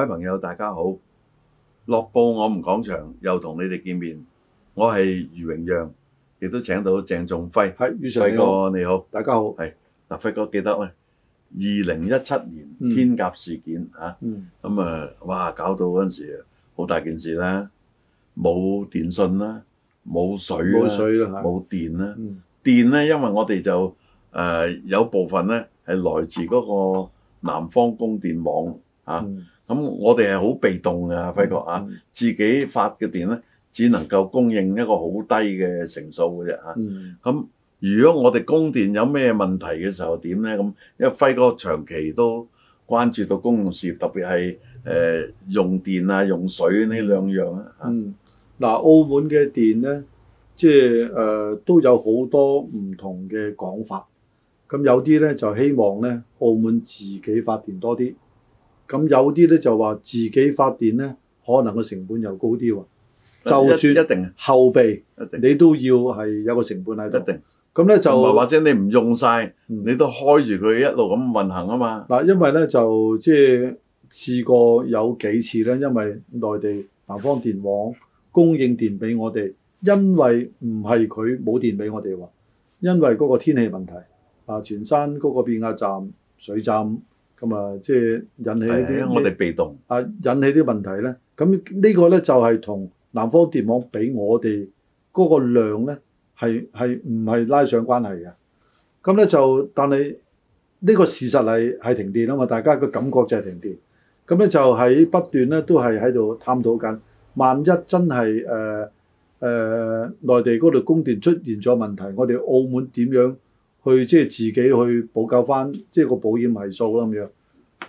各位朋友，大家好！《樂報我哋講場》，又同你哋見面，我係余榮陽，亦都請到鄭仲輝，係余 Sir、輝哥，你好，你好，大家好。係嗱，輝哥記得咧，二零一七年天鴿事件、嗯、啊、咁、嗯、啊、嗯，哇，搞到嗰陣時好大件事啦，冇電訊啦，冇水啦，冇電啦、嗯，電咧，因為我哋就誒、呃、有部分咧係來自嗰個南方供電網啊。嗯咁我哋係好被動嘅，輝哥啊，自己發嘅電咧，只能夠供應一個好低嘅成數嘅啫嚇。咁、嗯、如果我哋供電有咩問題嘅時候點呢？咁因為輝哥長期都關注到公用事業，特別係誒、呃、用電啊、用水呢兩樣啊。嗱、嗯呃，澳門嘅電呢，即係、呃、都有好多唔同嘅講法。咁有啲呢，就希望咧澳門自己發電多啲。咁有啲咧就話自己發電呢，可能個成本又高啲喎。就算一定後備你都要係有個成本喺度，一定。咁呢就，就或者你唔用晒，嗯、你都開住佢一路咁運行啊嘛。嗱，因為呢，就即係試過有幾次呢，因為內地南方電網供應電俾我哋，因為唔係佢冇電俾我哋喎。因為嗰個天氣問題啊，前山嗰個變壓站水浸。咁啊，即係引起一啲，我哋被動。啊，引起啲問題咧，咁呢個咧就係同南方電網俾我哋嗰個量咧，係係唔係拉上關係嘅？咁咧就，但係呢個事實係係停電啊嘛，大家嘅感覺就係停電。咁咧就喺不斷咧都係喺度探討緊，萬一真係誒誒內地嗰度供電出現咗問題，我哋澳門點樣？去即係自己去補救返，即係個保險係數啦咁樣。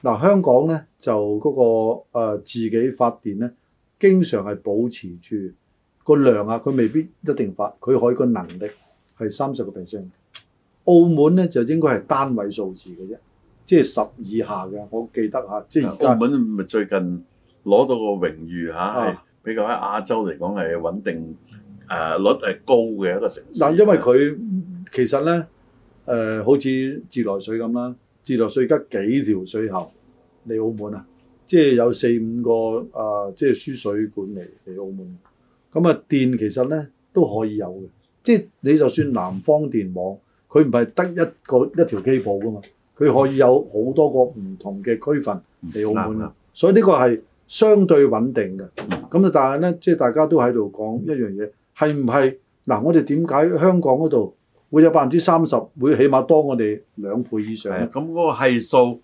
嗱、啊，香港咧就嗰、嗰個、呃、自己發電咧，經常係保持住、嗰個量啊，佢未必一定發，佢可以個能力係三十個 percent。澳門咧就應該係單位數字嘅啫，即係十以下嘅。我記得嚇，啊、即係澳門咪最近攞到個榮譽嚇，啊啊、比較喺亞洲嚟講係穩定誒率係高嘅一個城市。嗱、啊，因為佢其實咧。誒、呃，好似自來水咁啦，自來水而家幾條水喉嚟澳門啊？即係有四五個、呃、即係輸水管嚟嚟澳門。咁啊、嗯，電其實呢都可以有嘅，即係你就算南方電網，佢唔係得一個一條機部㗎嘛，佢可以有好多個唔同嘅區份嚟澳門啊。所以呢個係相對穩定嘅。咁啊，但係呢，即係大家都喺度講一樣嘢，係唔係嗱？我哋點解香港嗰度？會有百分之三十，會起碼多我哋兩倍以上。咁嗰個係數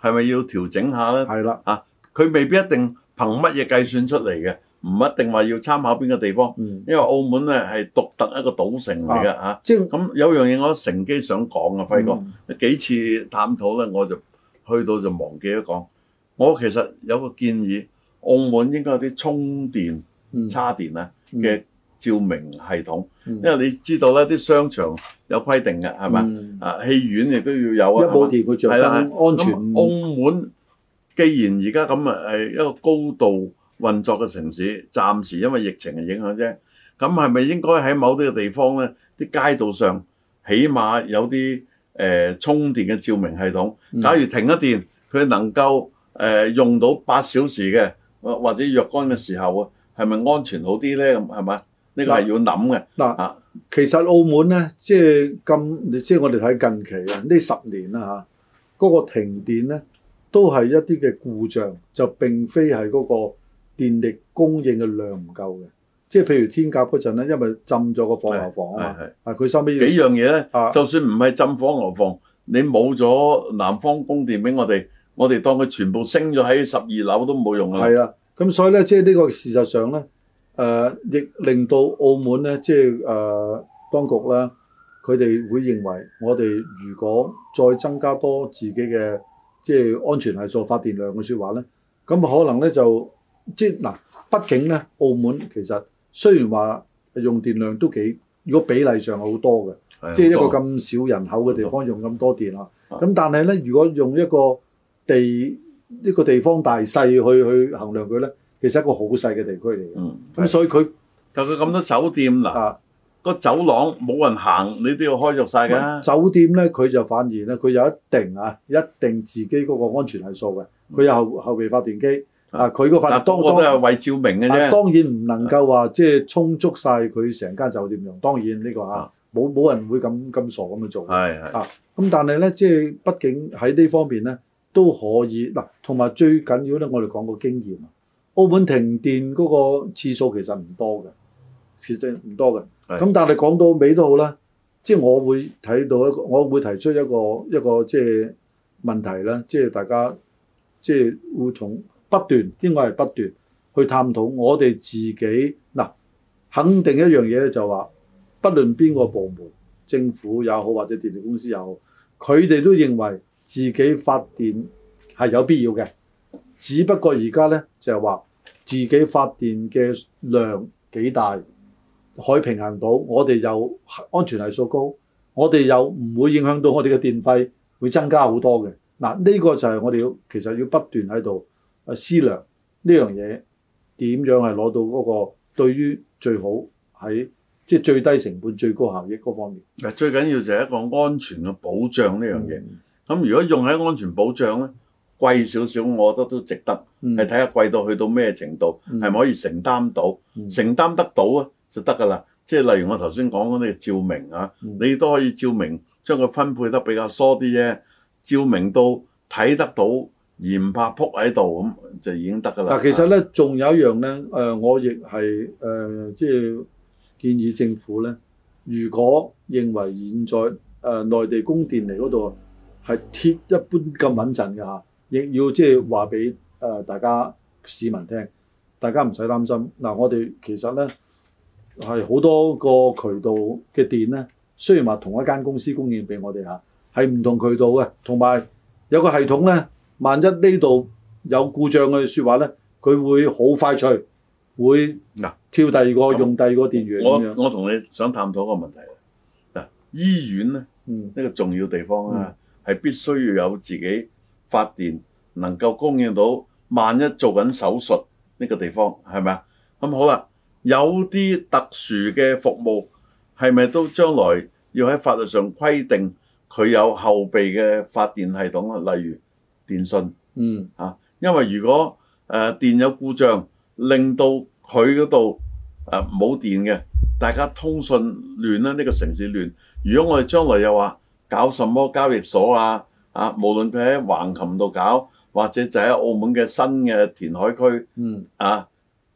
係咪要調整一下咧？係啦的，啊，佢未必一定憑乜嘢計算出嚟嘅，唔一定話要參考邊個地方。嗯、因為澳門咧係獨特一個賭城嚟嘅嚇，即係咁有樣嘢我乘機想講啊，輝、就是啊啊、哥，嗯、幾次探討咧我就去到就忘記咗講。我其實有個建議，澳門應該有啲充電、插、嗯、電啊嘅。照明系統，因為你知道咧，啲商場有規定嘅，係嘛？啊，戲院亦都要有啊。一冇電佢著燈，安全。澳門既然而家咁啊，係一個高度運作嘅城市，暫時因為疫情嘅影響啫。咁係咪應該喺某啲嘅地方咧，啲街道上起碼有啲誒充電嘅照明系統？假如停一電，佢能夠誒用到八小時嘅，或或者若干嘅時候啊，係咪安全好啲咧？咁係嘛？呢個係要諗嘅嗱，啊啊、其實澳門咧，即係咁，即係我哋睇近期呢啊，呢十年啦嚇，嗰個停電咧都係一啲嘅故障，就並非係嗰個電力供應嘅量唔夠嘅，即係譬如天鴿嗰陣咧，因為浸咗個火牛房係係啊嘛，係佢收尾幾樣嘢咧，啊、就算唔係浸火牛房，你冇咗南方供電俾我哋，我哋當佢全部升咗喺十二樓都冇用啊，係啊，咁所以咧，即係呢個事實上咧。誒亦、呃、令到澳門咧，即係誒、呃、當局咧，佢哋會認為我哋如果再增加多自己嘅即係安全係數發電量嘅說話咧，咁可能咧就即嗱、啊，畢竟咧澳門其實雖然話用電量都幾，如果比例上好多嘅，是的即係一個咁少人口嘅地方用咁多電啦。咁的但係咧，如果用一個地一個地方大細去去衡量佢咧？其實一個好細嘅地區嚟嘅，咁所以佢就佢咁多酒店嗱，個走廊冇人行，你都要開著晒㗎。酒店咧，佢就反而咧，佢有一定啊，一定自己嗰個安全係數嘅。佢有後後備發電機啊，佢個發電都係為照明嘅啫，當然唔能夠話即係充足晒佢成間酒店用。當然呢個啊，冇冇人會咁咁傻咁樣做。係係啊，咁但係咧，即係畢竟喺呢方面咧都可以嗱，同埋最緊要咧，我哋講個經驗。澳門停電嗰個次數其實唔多嘅，其實唔多嘅。咁的但係講到尾都好啦，即係我會睇到一個，我會提出一個一個即係問題啦。即係大家即係會從不斷，應該係不斷去探討我哋自己嗱，肯定一樣嘢咧，就話不論邊個部門、政府也好，或者電力公司也好，佢哋都認為自己發電係有必要嘅。只不過而家呢，就係、是、話自己發電嘅量幾大，可以平衡到。我哋又安全係數高，我哋又唔會影響到我哋嘅電費會增加好多嘅。嗱呢、這個就係我哋要其實要不斷喺度啊思量呢、這個、樣嘢點樣係攞到嗰個對於最好喺即係最低成本、最高效益嗰方面。嗱，最緊要就係一個安全嘅保障呢樣嘢。咁、嗯、如果用喺安全保障呢。貴少少，我覺得都值得。係睇下貴到去到咩程度，係咪、嗯、可以承擔到？嗯、承擔得到啊，就得㗎啦。即係例如我頭先講嗰啲照明啊，嗯、你都可以照明，將佢分配得比較疏啲啫。照明到睇得到，而唔怕仆喺度咁，就已經得㗎啦。嗱，其實咧，仲有一樣咧，我亦係即係建議政府咧，如果認為現在誒、呃、內地供電嚟嗰度係鐵一般咁穩陣㗎吓。亦要即係話俾誒大家市民聽，大家唔使擔心。嗱、啊，我哋其實咧係好多個渠道嘅電咧，雖然話同一間公司供應俾我哋嚇，係唔同渠道嘅，同埋有個系統咧。萬一呢度有故障嘅說話咧，佢會好快脆會嗱跳第二個、啊、用第二個電源。我我同你想探討個問題嗱、啊，醫院咧呢、嗯、個重要地方啊，係、嗯、必須要有自己。發電能夠供應到，萬一做緊手術呢個地方係咪啊？咁好啦，有啲特殊嘅服務係咪都將來要喺法律上規定佢有後備嘅發電系統啊？例如電信，嗯、啊、因為如果誒、呃、電有故障，令到佢嗰度誒冇電嘅，大家通訊亂啦，呢個城市亂。如果我哋將來又話搞什麼交易所啊？啊，無論佢喺橫琴度搞，或者就喺澳門嘅新嘅填海區，嗯啊，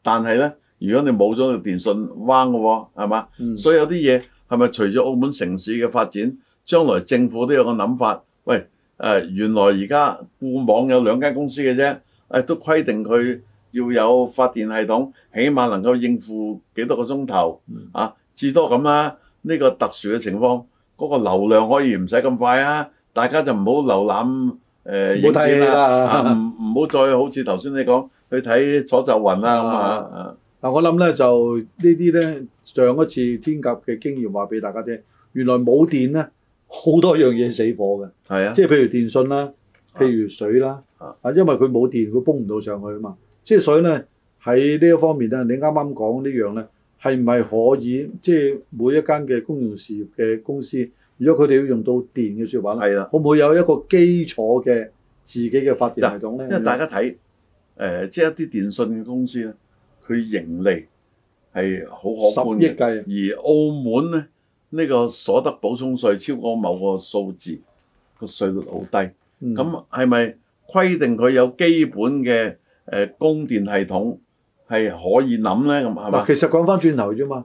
但係咧，如果你冇咗個電信，彎嘅喎，係嘛、嗯？所以有啲嘢係咪隨住澳門城市嘅發展，將來政府都有個諗法，喂誒、啊，原來而家固網有兩間公司嘅啫、啊，都規定佢要有發電系統，起碼能夠應付幾多個鐘頭，啊至多咁啦、啊，呢、呢個特殊嘅情況，嗰、嗰個流量可以唔使咁快啊！大家就唔好瀏覽誒，唔好睇啦，唔好再好似頭先你講去睇楚就雲啦咁啊！我諗咧就呢啲咧，上一次天鴿嘅經驗話俾大家聽，原來冇電咧，好多樣嘢死火嘅。係啊，即係譬如電信啦，譬如水啦，啊，啊，因為佢冇電，佢泵唔到上去啊嘛。即係所以咧，喺呢一方面咧，你啱啱講呢樣咧，係咪可以即係、就是、每一間嘅公用事業嘅公司？如果佢哋要用到電嘅說話，係啦，會唔會有一個基礎嘅自己嘅發電系統咧？因為大家睇誒、呃，即係一啲電信嘅公司咧，佢盈利係好可觀嘅。十億計啊！而澳門咧，呢、這個所得補充稅超過某個數字，個稅率好低。咁係咪規定佢有基本嘅供電系統係可以諗咧？咁係嘛？其實講翻轉頭啫嘛。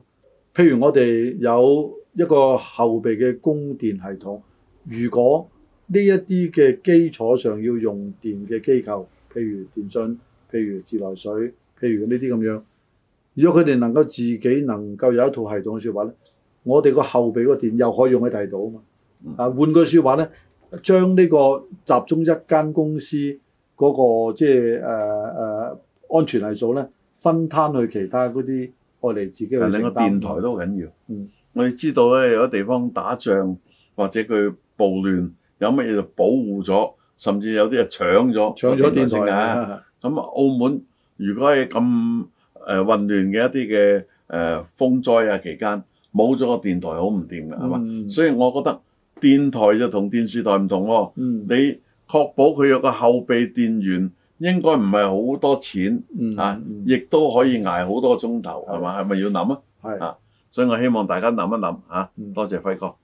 譬如我哋有。一個後備嘅供電系統，如果呢一啲嘅基礎上要用電嘅機構，譬如電信，譬如自來水，譬如呢啲咁樣，如果佢哋能夠自己能夠有一套系統嘅説話呢，我哋個後備個電又可以用喺第二度啊嘛。啊、嗯，換句説話呢，將呢個集中一間公司嗰、嗰個即係誒誒安全係數呢，分攤去其他嗰啲我哋自己去承擔。電台都好緊要。嗯。我哋知道咧，有啲地方打仗或者佢暴亂，有乜嘢就保護咗，甚至有啲啊搶咗，搶咗電台。咁、啊啊、澳門如果係咁誒混亂嘅一啲嘅誒風災啊期間，冇咗個電台好唔掂㗎，係嘛、嗯？所以我覺得電台就同電視台唔同喎。嗯、你確保佢有個後備電源，應該唔係好多錢、嗯嗯、啊，亦都可以捱好多鐘頭，係嘛的？係咪要諗啊？係。所以我希望大家諗一諗啊，多謝輝哥。